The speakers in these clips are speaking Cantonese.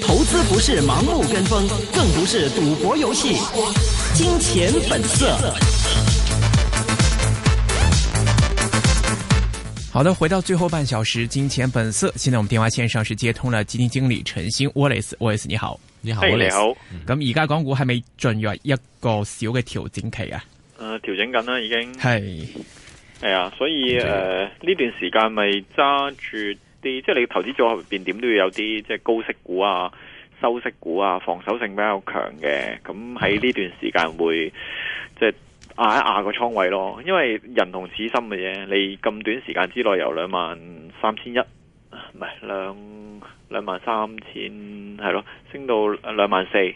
投資不是盲目跟風，更不是賭博遊戲。金錢本色。好的，回到最後半小時，金錢本色。現在我們電話線上是接通了基金經理陳昕。Wallace Wallace）。Wallace, 你好，你好，你好 Hey, is。咁而家港股係咪進入一個小嘅調整期啊？調整緊啦，已經 係啊，所以誒呢 Okay.、呃、段時間咪揸住啲，即係你投資組合入邊點都要有啲即係高息股啊、收息股啊、防守性比較強嘅。咁喺呢段時間會即係壓一壓個倉位咯，因為人同此心嘅嘢，你咁短時間之內由兩萬三千一唔係兩兩萬三千係咯，升到兩萬四。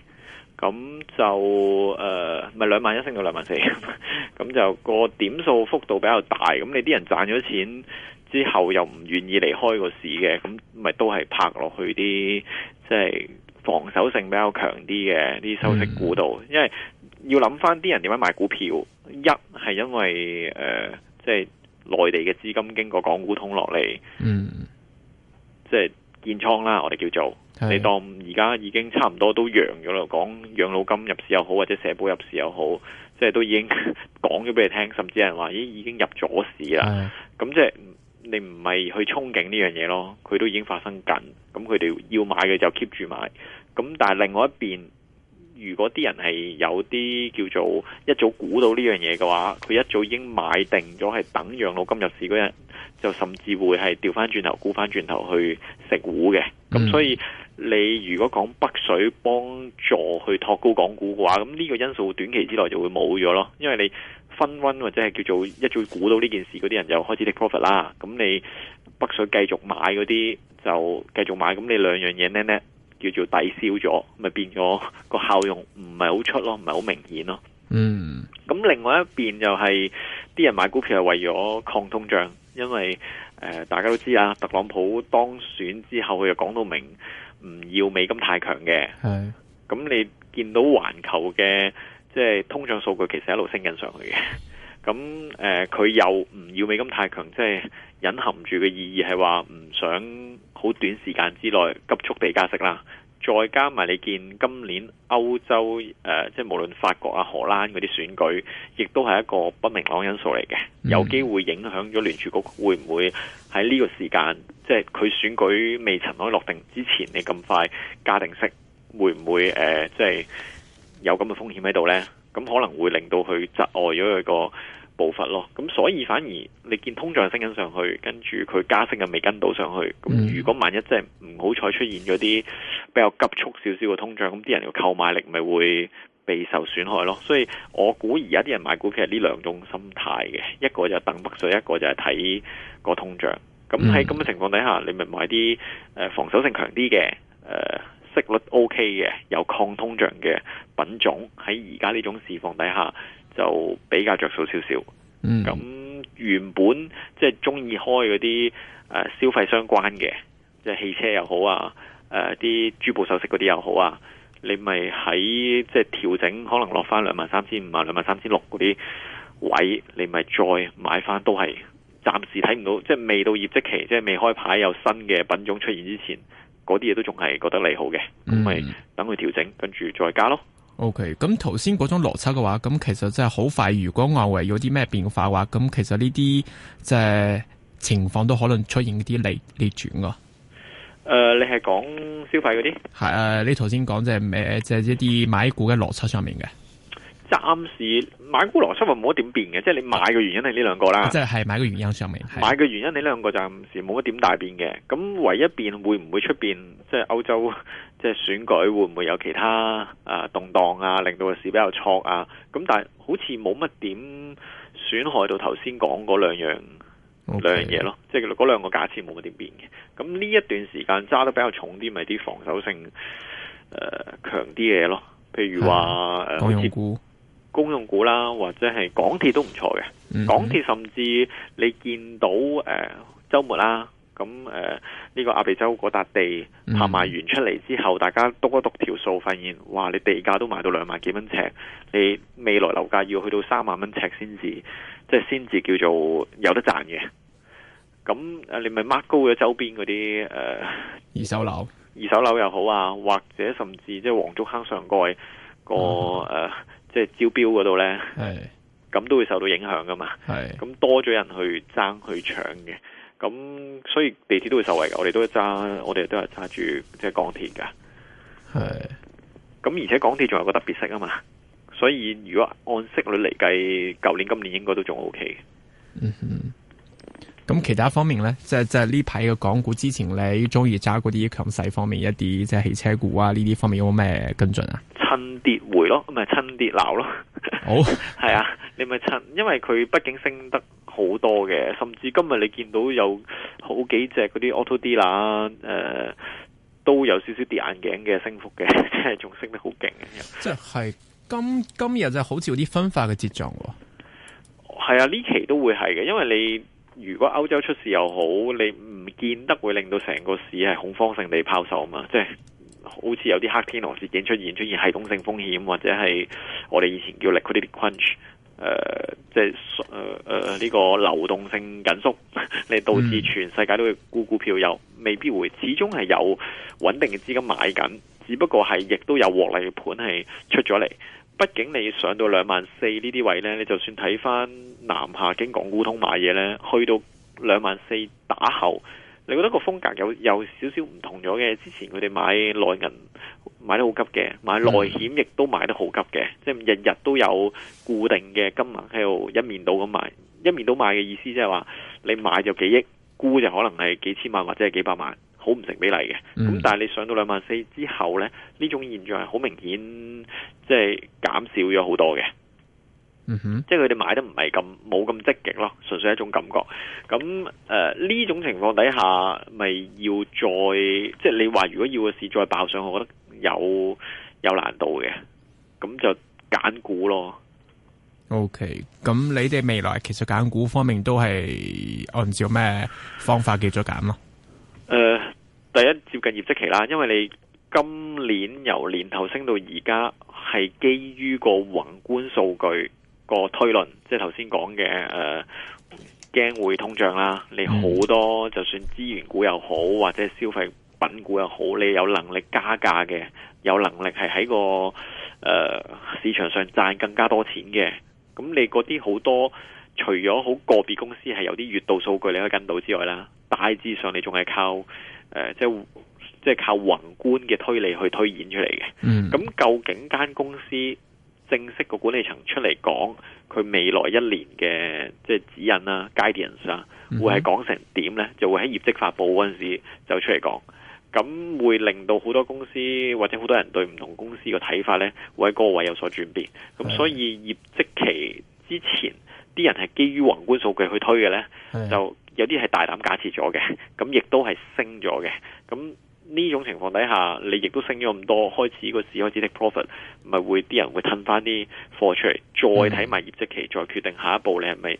咁就誒，咪兩萬一升到兩萬四，咁就個點數幅度比較大。咁你啲人賺咗錢之後又唔願意離開個市嘅，咁咪都係拍落去啲即係防守性比較強啲嘅啲收息股度，嗯、因為要諗翻啲人點樣買股票，一係因為誒，即、呃、係、即係、內地嘅資金經過港股通落嚟，嗯，即係建倉啦，我哋叫做。你當而家已經差唔多都揚咗啦，講養老金入市又好，或者社保入市又好，即係都已經講咗俾你聽，甚至係話已經已經入咗市啦。咁是的 即係你唔係去憧憬呢樣嘢咯，佢都已經發生緊。咁佢哋要買嘅就 keep 住買。咁但係另外一邊，如果啲人係有啲叫做一早估到呢樣嘢嘅話，佢一早已經買定咗，係等養老金入市嗰日，就甚至會係掉翻轉頭，估翻轉頭去食糊嘅。咁、嗯、所以。你如果講北水幫助去托高港股嘅話，咁呢個因素短期之內就會冇咗咯，因為你分温或者係叫做一早估到呢件事，嗰啲人就開始 take profit 啦。咁你北水繼續買嗰啲就繼續買，咁你兩樣嘢呢，呢叫做抵消咗，咪變咗個效用唔係好出咯，唔係好明顯咯。嗯，咁另外一邊就係、是、啲人買股票係為咗抗通脹，因為、呃、大家都知啊，特朗普當選之後佢就講到明。唔要美金太強嘅，咁是你見到環球嘅即係通脹數據其實一路升緊上去嘅，咁誒佢又唔要美金太強，即係隱含住嘅意義係話唔想好短時間之內急速地加息啦。再加埋你見今年歐洲誒、呃、即係無論法國啊、荷蘭嗰啲選舉，亦都係一個不明朗因素嚟嘅，有機會影響咗聯儲局會唔會喺呢個時間，即係佢選舉未可以落定之前，你咁快加定息，會唔會誒，即係有咁嘅風險喺度咧？咁可能會令到佢窒礙咗佢個。步伐咯，咁所以反而你見通脹升緊上去，跟住佢加息又未跟到上去，咁如果萬一即係唔好彩出現咗啲比較急促少少嘅通脹，咁啲人嘅購買力咪會備受損害咯。所以我估而家啲人買股票係呢兩種心態嘅，一個就等北水，一個就係睇個通脹。咁喺咁嘅情況底下，你咪買啲誒防守性強啲嘅，誒息率 OK 嘅，有抗通脹嘅品種喺而家呢種市況底下。就比較着數少少。咁、嗯、原本即係中意開嗰啲誒消費相關嘅，即係汽車又好啊，誒、啊、啲珠寶首飾嗰啲又好啊，你咪喺即係調整，可能落翻兩萬三千五啊，兩萬三千六嗰啲位，你咪再買翻，都係暫時睇唔到，即係未到業績期，即係未開牌有新嘅品種出現之前，嗰啲嘢都仲係覺得利好嘅，咁咪、嗯、等佢調整，跟住再加咯。O.K. 咁頭先嗰種邏輯嘅話，咁其實真係好快。如果外圍有啲咩變化嘅話，咁其實呢啲即係情況都可能出現啲逆逆轉噶誒、呃，你係講消費嗰啲？係誒、啊，你頭先講即係咩？即係一啲買股嘅邏輯上面嘅。暫時買股邏輯係冇乜點變嘅，即、就、係、是、你買嘅原因係呢兩個啦。即係係買嘅原因上面。買嘅原因你兩個暫時冇乜點大變嘅。咁唯一變會唔會出邊即係歐洲？即係選舉會唔會有其他啊動盪啊，令到個市比較錯啊？咁但係好似冇乜點損害到頭先講嗰兩樣兩樣嘢 Okay. 咯。即係嗰兩個假設冇乜點變嘅。咁呢一段時間揸得比較重啲，咪、就、啲、是、防守性誒強啲嘅嘢咯。譬如話，Yeah. 呃、公用股、好似公用股啦，或者係港鐵都唔錯嘅。Mm hmm. 港鐵甚至你見到誒週、呃、末啦。咁誒呢個鴨脷洲嗰笪地拍賣，嗯、完出嚟之後，大家篤一篤條數，發現哇！你地價都賣到兩萬幾蚊尺，你未來樓價要去到三萬蚊尺先至，即係先至叫做有得賺嘅。咁你咪 mark 高咗周邊嗰啲誒二手樓，二手樓又好啊，或者甚至即係黃竹坑上蓋個誒，即係、哦呃即係、招標嗰度咧，咁是都會受到影響㗎嘛。係咁是多咗人去爭去搶嘅。咁所以地鐵都會受惠嘅，我哋都係揸，我哋都係揸住即係港鐵㗎。係是，咁而且港鐵仲有個特別息啊嘛，所以如果按息率嚟計，舊年今年應該都仲 O K 嘅。嗯哼，咁其他方面咧，即係即係呢排嘅港股之前你中意揸嗰啲強勢方面一啲，即係汽車股啊呢啲方面有冇咩跟進啊？趁跌回咯，咪趁跌鬧咯。好，係啊，你咪趁，因為佢畢竟升得。好多嘅，甚至今日你見到有好幾隻嗰啲 auto dealer 啦、呃，誒都有少少跌眼鏡嘅升幅嘅，即係仲升得好勁嘅。即係今今日就好似有啲分化嘅跡象喎。係啊，呢期都會係嘅，因為你如果歐洲出事又好，你唔見得會令到成個市係恐慌性地拋售啊嘛。即係好似有啲黑天鵝事件出現出現系統性風險或者係我哋以前叫 liquidity crunch，誒、呃、即係誒。呃呢個流動性緊縮，你導致全世界都會沽股票，又未必會，始終係有穩定嘅資金買緊，只不過係亦都有獲利嘅盤係出咗嚟。畢竟你上到兩萬四呢啲位呢，你就算睇翻南下經港股通買嘢呢，去到兩萬四打後。你覺得個風格有有少少唔同咗嘅？之前佢哋買內銀買得好急嘅，買內險亦都買得好急嘅，即係日日都有固定嘅金額喺度一面倒咁買，一面倒買嘅意思即係話你買就幾億，沽就可能係幾千萬或者係幾百萬，好唔成比例嘅。咁但係你上到兩萬四之後呢，呢種現象係好明顯，即係減少咗好多嘅。嗯哼，即係佢哋買得唔係咁冇咁積極咯，純粹係一種感覺。咁誒呢種情況底下，咪要再即係你話如果要個市再爆上，我覺得有有難度嘅。咁就揀股咯。OK，咁你哋未來其實揀股方面都係按照咩方法叫做揀咯？誒，第一接近業績期啦，因為你今年由年頭升到而家係基於個宏觀數據。個推論，即係頭先講嘅，誒、呃，驚會通脹啦。你好多，就算資源股又好，或者消費品股又好，你有能力加價嘅，有能力係喺個誒、呃、市場上賺更加多錢嘅。咁你嗰啲好多，除咗好個別公司係有啲月度數據你可以跟到之外啦，大致上你仲係靠誒、呃，即係即係靠宏觀嘅推理去推演出嚟嘅。咁、嗯、究竟嗰間公司，正式個管理層出嚟講，佢未來一年嘅即係指引啦、啊、guidance 啦，會係講成點呢？就會喺業績發佈嗰陣時候就出嚟講，咁會令到好多公司或者好多人對唔同公司嘅睇法呢，會喺個位有所轉變。咁所以業績期之前啲人係基於宏觀數據去推嘅呢，就有啲係大膽假設咗嘅，咁亦都係升咗嘅，咁。呢種情況底下，你亦都升咗咁多，開始個市開始 take profit，咪會啲人會吞翻啲貨出嚟，再睇埋業績期，再決定下一步你係咪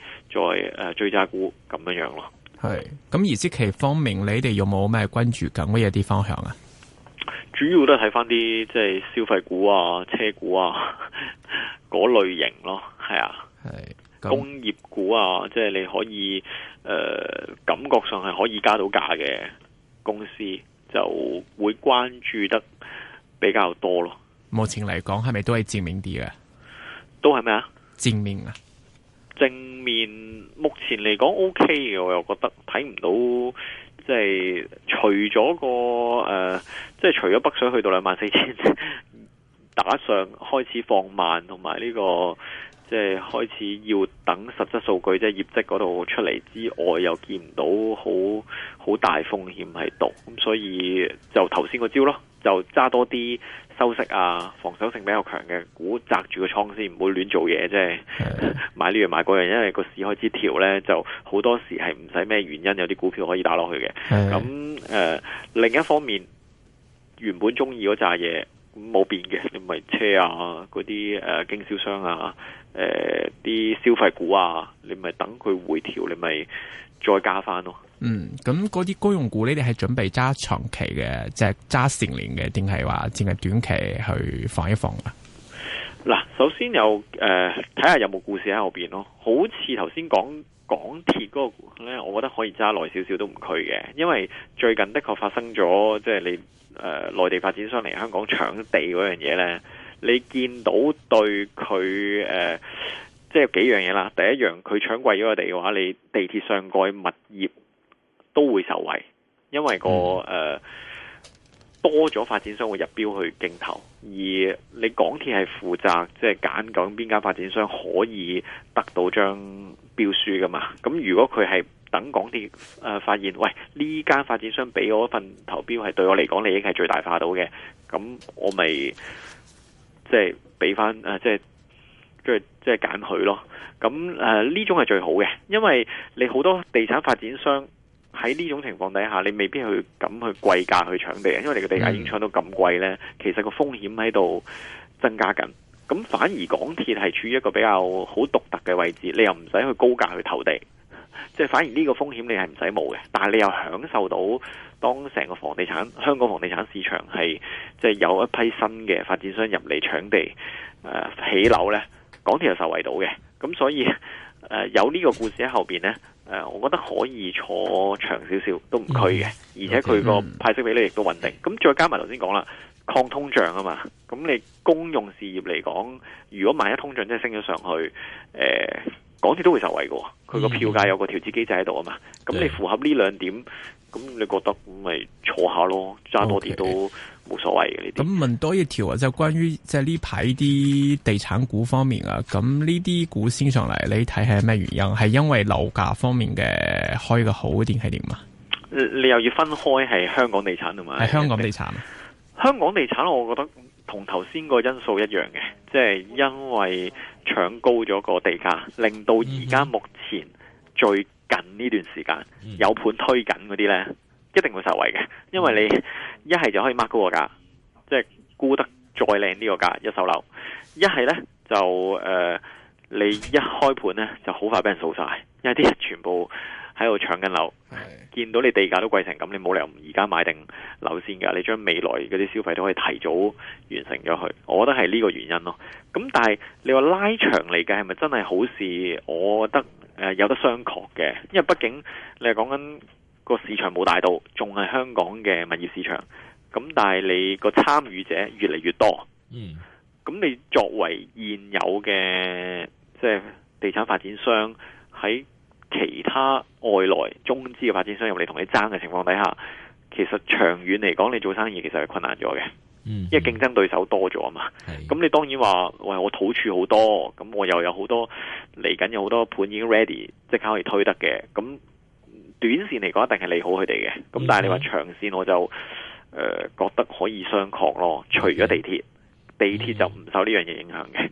再追揸股咁樣樣咯。係，咁業績期方面，你哋有冇咩關注緊乜嘢啲方向啊？主要都係睇翻啲即係消費股啊、車股啊嗰 類型咯，係啊，係工業股啊，即係你可以、呃、感覺上係可以加到價嘅公司。就會關注得比較多咯。目前嚟講係咪都係正面啲嘅？都係咩啊？正面啊！正面目前嚟講 OK 嘅，我又覺得睇唔到，即係除咗個誒、呃，即係除咗北水去到兩萬四千，打上開始放慢，同埋呢個。即係開始要等實質數據即係、就是、業績嗰度出嚟之外，又見唔到好好大風險喺度，咁所以就頭先個招咯，就揸多啲收息啊，防守性比較強嘅股，砸住個倉先，唔好亂做嘢，即係是的 買呢樣買嗰樣，因為個市開始調呢，就好多時係唔使咩原因有啲股票可以打落去嘅。咁誒是的、呃，另一方面，原本中意嗰紮嘢。冇變嘅，你咪車啊，嗰啲誒經銷商啊，誒啲消費股啊，你咪等佢回調，你咪再加翻咯。嗯，咁嗰啲公用股，你哋係準備揸長期嘅，即係揸成年嘅，定係話淨係短期去放一放啊？嗱，首先有誒，睇下有冇故事喺後邊咯。好似頭先講港鐵嗰個咧，我覺得可以揸耐少少都唔區嘅，因為最近的確發生咗，即係你。誒，內、呃、地發展商嚟香港搶地嗰樣嘢呢，你見到對佢誒、呃，即係幾樣嘢啦。第一樣，佢搶貴咗個地嘅話，你地鐵上蓋物業都會受惠，因為個誒、嗯呃、多咗發展商會入標去競投。而你港鐵係負責即係揀緊邊間發展商可以得到張標書㗎嘛？咁如果佢係等港鐵誒發現，喂，呢間發展商俾我份投標，係對我嚟講利益係最大化到嘅，咁我咪即係俾翻誒，即係即係即係揀佢咯。咁誒呢種係最好嘅，因為你好多地產發展商喺呢種情況底下，你未必去咁去貴價去搶地，因為你個地價已經搶到咁貴呢，其實個風險喺度增加緊。咁反而港鐵係處於一個比較好獨特嘅位置，你又唔使去高價去投地。即係反而呢個風險你係唔使冒嘅，但係你又享受到當成個房地產香港房地產市場係即係有一批新嘅發展商入嚟搶地、呃、起樓呢，港鐵又受惠到嘅。咁所以、呃、有呢個故事喺後邊呢，誒、呃、我覺得可以坐長少少都唔拘嘅，而且佢個派息比率亦都穩定，咁、嗯、再加埋頭先講啦，抗通脹啊嘛，咁你公用事業嚟講，如果萬一通脹真係升咗上去，誒、呃。港鐵都會受惠嘅，佢個票價有個調節機制喺度啊嘛，咁、嗯嗯、你符合呢兩點，咁你覺得咁咪坐下咯，揸多啲都冇所謂嘅。咁 Okay，呢啲。咁問多一條啊，就關於即係呢排啲地產股方面啊，咁呢啲股先上嚟，你睇下咩原因？係因為樓價方面嘅開個好啲，係點啊？你又要分開係香港地產同埋，係香港地產。香港地產，我覺得同頭先個因素一樣嘅，即係因為。搶高咗個地價，令到而家目前最近呢段時間有盤推緊嗰啲呢，一定會受惠嘅，因為你一係就可以 mark 高個價，即係估得再靚呢個價一手樓；一係呢，就誒、呃，你一開盤呢，就好快俾人掃晒，因為啲人全部。喺度搶緊樓，是見到你地價都貴成咁，你冇理由唔而家買定樓先㗎。你將未來嗰啲消費都可以提早完成咗佢。我覺得係呢個原因咯。咁但係你話拉長嚟嘅係咪真係好事？我覺得、呃、有得商榷嘅，因為畢竟你係講緊個市場冇大到，仲係香港嘅物業市場。咁但係你個參與者越嚟越多，嗯，咁你作為現有嘅即係地產發展商喺。其他外來中資嘅發展商入嚟同你爭嘅情況底下，其實長遠嚟講你做生意其實係困難咗嘅，嗯嗯、因為競爭對手多咗啊嘛。咁的你當然話，喂，我土儲好多，咁我又有好多嚟緊有好多盤已經 ready，即刻可以推得嘅。咁短線嚟講一定係利好佢哋嘅，咁、嗯、但係你話長線我就誒、呃、覺得可以商榷咯，除咗地鐵，嗯、地鐵就唔受呢樣嘢影響嘅。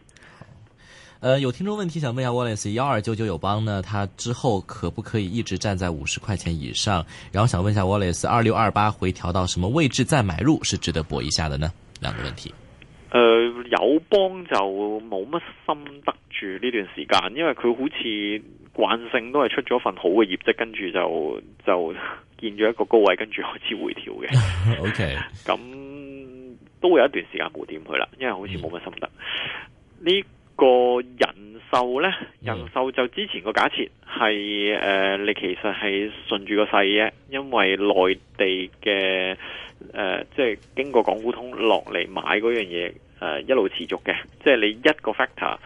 呃，有聽眾問題想問一下 Wallace，幺二九九友邦呢，他之後可不可以一直站在五十塊錢以上？然後想問一下 Wallace，二六二八回調到什麼位置再買入是值得搏一下的呢？兩個問題。呃，友邦就冇乜心得住呢段時間，因為佢好似慣性都係出咗份好嘅業績，跟住就就見咗一個高位，跟住開始回調嘅。 OK，咁都有一段時間冇點佢啦，因為好似冇乜心得呢。嗯，這個個人壽呢，人壽就之前個假設係誒，你其實係順住個勢嘅，因為內地嘅誒，即係經過港股通落嚟買嗰樣嘢誒，一路持續嘅，即係你一個 factor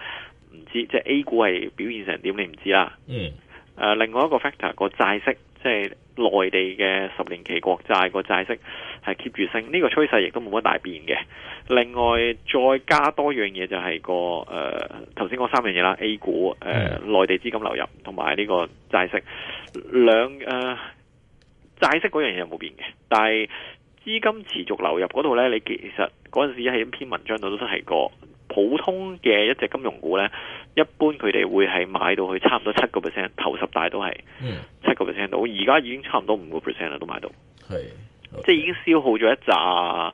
唔知，即係 A 股係表現成點，你唔知啦。嗯，誒、呃，另外一個 factor 個債息。即係內地嘅十年期國債個債息係 keep 住升，呢、這個趨勢亦都冇乜大變嘅。另外再加多樣嘢，就係個誒，頭先講三樣嘢啦，A 股、誒、內、呃、地資金流入同埋呢個債息兩誒債息嗰樣嘢冇變嘅，但係資金持續流入嗰度呢，你其實嗰陣時喺一篇文章度都提過普通嘅一隻金融股呢，一般佢哋會係買到去差唔多七個 percent，頭十大都係、嗯、七個 percent 到。而家已經差唔多五個 percent 啦，都買到。係，即係已經消耗咗一揸誒、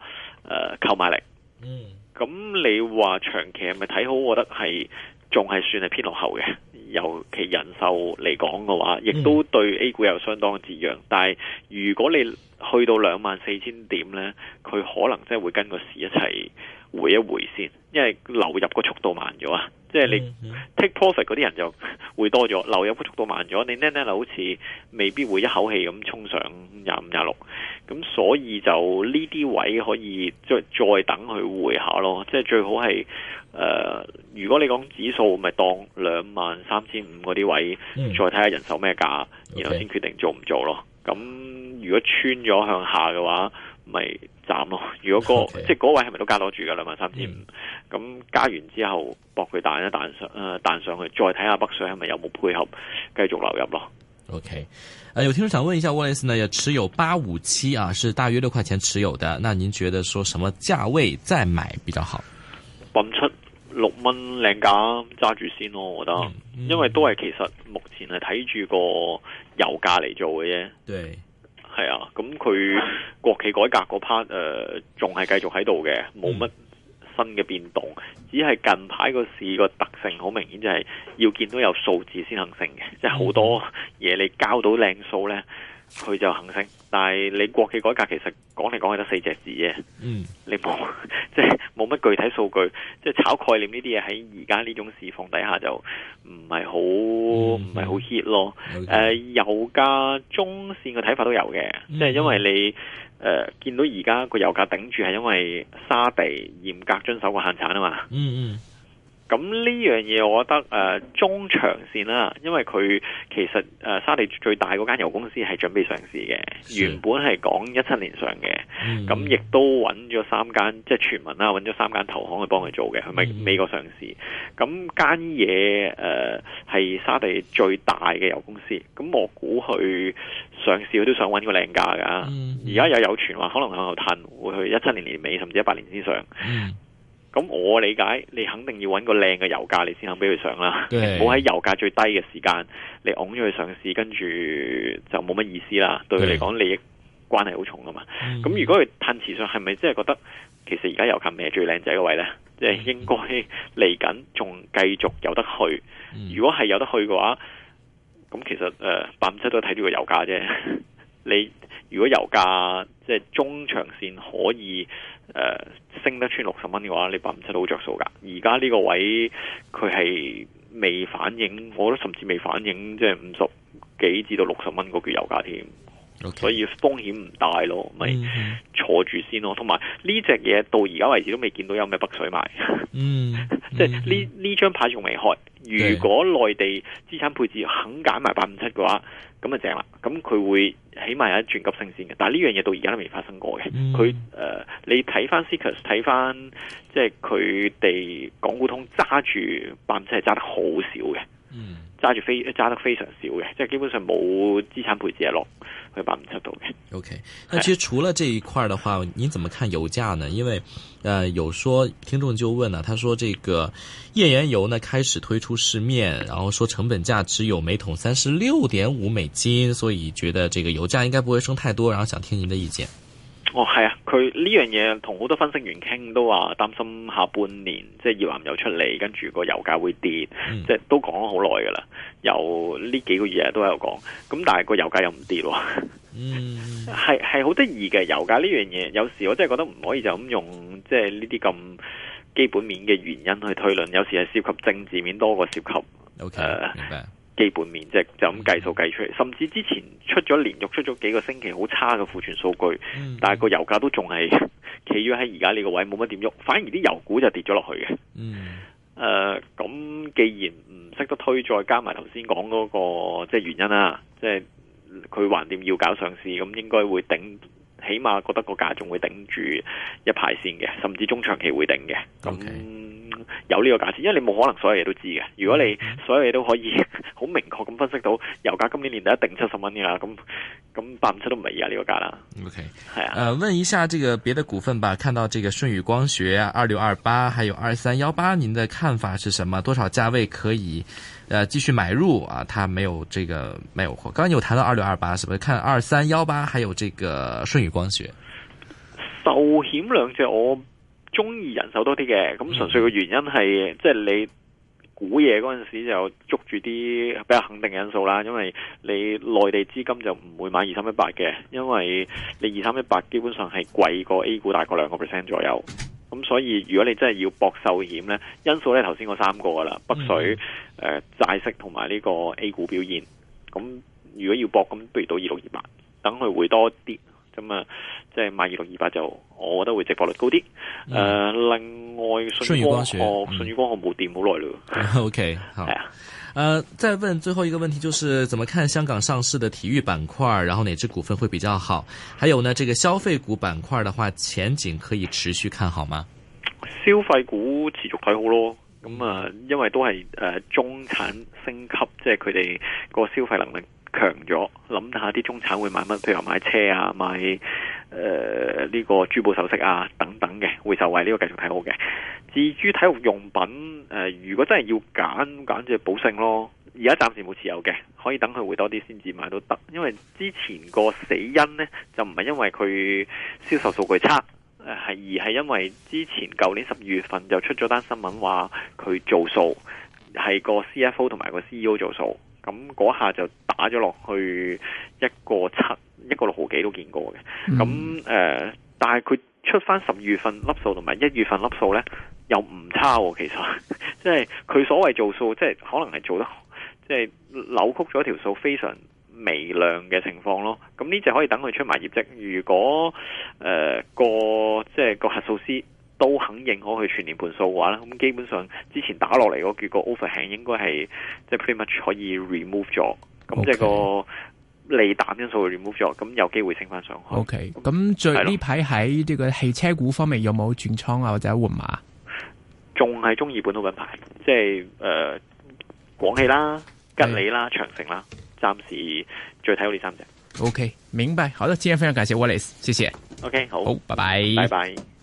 呃、購買力。嗯，咁你話長期係咪睇好？我覺得係仲係算係偏落後嘅，尤其人壽嚟講嘅話，亦都對 A 股有相當嘅折讓。嗯、但係如果你去到兩萬四千點咧，佢可能真係會跟個市一齊，回一回先，因為流入個速度慢咗啊！即係你 take profit 嗰啲人就會多咗，流入個速度慢咗，你呢呢就好似未必會一口氣咁衝上廿五廿六，咁所以就呢啲位可以再再等佢回下咯，即係最好係誒、呃，如果你講指數，咪當兩萬三千五嗰啲位，嗯、再睇下人手咩價，然後先決定做唔做咯。咁 Okay. 如果穿咗向下嘅話，咪。斬咯！如果嗰、那個、Okay. 即係位係咪都加多住噶兩萬三千五？咁、嗯、加完之後搏佢彈一彈上誒彈、呃、上去，再睇下北水係咪有冇配合繼續流入咯？OK，誒、呃、有聽眾想問一下 Wallace 呢？有持有八五七啊，是大約六塊錢持有的，那您覺得說什麼價位再買比較好？蹦出六蚊靚價揸住先咯，我覺得，嗯嗯、因為都係其實目前係睇住個油價嚟做嘅啫。對。係啊，咁佢國企改革嗰 part，誒，仲係繼續喺度嘅，冇乜新嘅變動，嗯、只係近排個市個特性好明顯，就係要見到有數字先行成嘅，即係好多嘢你交到靚數呢，佢就肯升，但係你國企改革其實講嚟講去得四隻字啫。嗯，你冇即係冇乜具體數據，即係炒概念呢啲嘢喺而家呢種市況底下就唔係好唔係好 hit 咯。誒、呃，油價中線嘅睇法都有嘅，即係、嗯、因為你誒見到而家個油價頂住係因為沙地嚴格遵守個限產啊嘛，嗯嗯。嗯咁呢樣嘢，我覺得誒、呃、中長線啦，因為佢其實誒、呃、沙地最大嗰間油公司係準備上市嘅。的原本係講一七年上嘅。咁亦、嗯、都揾咗三間即係傳聞啦，揾咗三間投行去幫佢做嘅，係咪美國上市？咁間嘢誒係沙地最大嘅油公司，咁我估佢上市佢都想揾個靚價㗎，而家又有傳話可能向後騰，會去一七年年尾甚至一八年之上。嗯咁我理解，你肯定要揾個靚嘅油價對，你先肯俾佢上啦。冇喺油價最低嘅時間，你拱咗佢上市，跟住就冇乜意思啦。對佢嚟講，利益關係好重噶嘛。咁對如果佢碳市上，係咪真係覺得，其實而家油價未係最靚仔嘅位呢？即係應該嚟緊仲繼續有得去。如果係有得去嘅話，咁其實誒，百分之七都睇住個油價啫。嗯你如果油價即係中長線可以誒、呃、升得穿六十蚊嘅話，你八五七都好着數㗎。而家呢個位佢係未反映，我都甚至未反映即係五十幾至到六十蚊嗰橛油價添，Okay. 所以風險唔大咯，咪坐住先咯。同埋呢隻嘢到而家為止都未見到有咩北水買，嗯、mm，hmm. 即係呢呢張牌仲未開。如果內地資產配置肯揀埋八五七嘅話，咁咪正啦，咁佢會起碼有一轉急升先嘅，但呢樣嘢到而家都未發生過嘅。佢誒、嗯呃，你睇翻 seekers 睇翻即係佢哋港股通揸住百分之係揸得好少嘅。揸住非揸得非常少嘅，即基本上冇資產配置咯，去八五七度嘅。OK，那其實除了這一塊的話，您、哎、怎麼看油價呢？因為呃，有說聽眾就問啦，他說這個頁岩油呢開始推出市面，然後說成本價只有每桶三十六點五美金，所以覺得這個油價應該不會升太多，然後想聽您的意見。哦，係啊，佢呢樣嘢同好多分析員傾都話擔心下半年即係頁岩油出嚟，跟住個油價會跌，嗯、即係都講咗好耐噶啦，由呢幾個月都喺度講，咁但係個油價又唔跌咯，嗯，係係好得意嘅油價呢樣嘢，有時我真係覺得唔可以就咁用即係呢啲咁基本面嘅原因去推論，有時係涉及政治面多過涉及，okay，呃基本面即係就咁計數計出嚟，甚至之前出咗連續出咗幾個星期好差嘅庫存數據，但係個油價都仲係企於喺而家呢個位，冇乜點喐，反而啲油股就跌咗落去嘅。誒、嗯，咁、呃、既然唔識得推，再加埋頭先講嗰個即係原因啦，即係佢橫掂要搞上市，咁應該會頂。起碼覺得個價仲會頂住一排先嘅，甚至中長期會頂嘅。咁 Okay. 有呢個假設，因為你冇可能所有嘢都知嘅。如果你所有嘢都可以好明確咁分析到油價今年年底一定七十蚊嘅啦，咁。咁八五七都唔係啊呢個價啦，OK 係啊，誒、呃、問一下這個別的股份吧，看到這個舜宇光學二六二八，28，還有二三幺八，您的看法是什麼？多少價位可以，誒、呃、繼續買入啊？他沒有這個沒有貨。剛剛有談到二六二八，是不是看二三幺八，還有這個舜宇光學，壽險兩隻我中意人手多啲嘅，咁純粹嘅原因係、mm hmm. 即係你。估嘢嗰陣時就捉住啲比較肯定嘅因素啦，因為你內地資金就唔會買二三一八嘅，因為你二三一八基本上係貴過 A 股大概兩個 percent 左右，咁所以如果你真係要搏壽險呢，因素呢頭先嗰三個噶啦，北水、誒、呃、債息同埋呢個 A 股表現，咁如果要搏咁，不如到二六二八，等佢回多啲。咁啊，即係買二六二八就，我覺得會折伏率高啲。誒、嗯，另外舜宇光學，舜宇光學冇掂好耐咯。嗯啊、o、okay, K，好。誒、啊呃，再問最後一個問題，就是怎麼看香港上市的體育板塊，然後哪支股份會比較好？還有呢，這個消費股板塊的話，前景可以持續看好嗎？消費股持續睇好咯。咁、嗯、啊，嗯、因為都係誒、呃、中產升級，即係佢哋個消費能力。強咗，諗下啲中產會買乜？譬如話買車啊，買誒呢、呃這個珠寶首飾啊等等嘅會受惠，呢、這個繼續睇好嘅。至於體育用品誒、呃，如果真係要揀，揀住寶勝咯。而家暫時冇持有嘅，可以等佢回多啲先至買都得。因為之前個死因呢，就唔係因為佢銷售數據差，係而係因為之前舊年十二月份就出咗單新聞話佢做數係個 CFO 同埋個 CEO 做數。咁嗰下就打咗落去一個七一個六毫幾都見過嘅，咁誒、mm hmm. 呃，但係佢出翻十二月份粒數同埋一月份粒數呢，又唔差喎、哦。其實，即係佢所謂做數，即、就、係、是、可能係做得即係、就是、扭曲咗條數，非常微量嘅情況咯。咁呢只可以等佢出埋業績，如果誒、呃、個即係、就是、個核數師。都肯認可佢全年盤數嘅話咧，咁基本上之前打落嚟嗰結果 overhang 應該係即係 pretty much 可以 remove 咗，咁即係個利淡因素 remove 咗，咁有機會升翻上去。O K，咁最呢排喺呢個汽車股方面有冇轉倉啊或者換馬？仲係中意本土品牌，即係誒，廣、呃、汽啦、吉利啦、是長城啦，暫時最睇好呢三隻。O、okay. K，明白，好的，今日非常感謝 Wallace，謝謝。O、okay, K，好，好，拜拜，拜拜。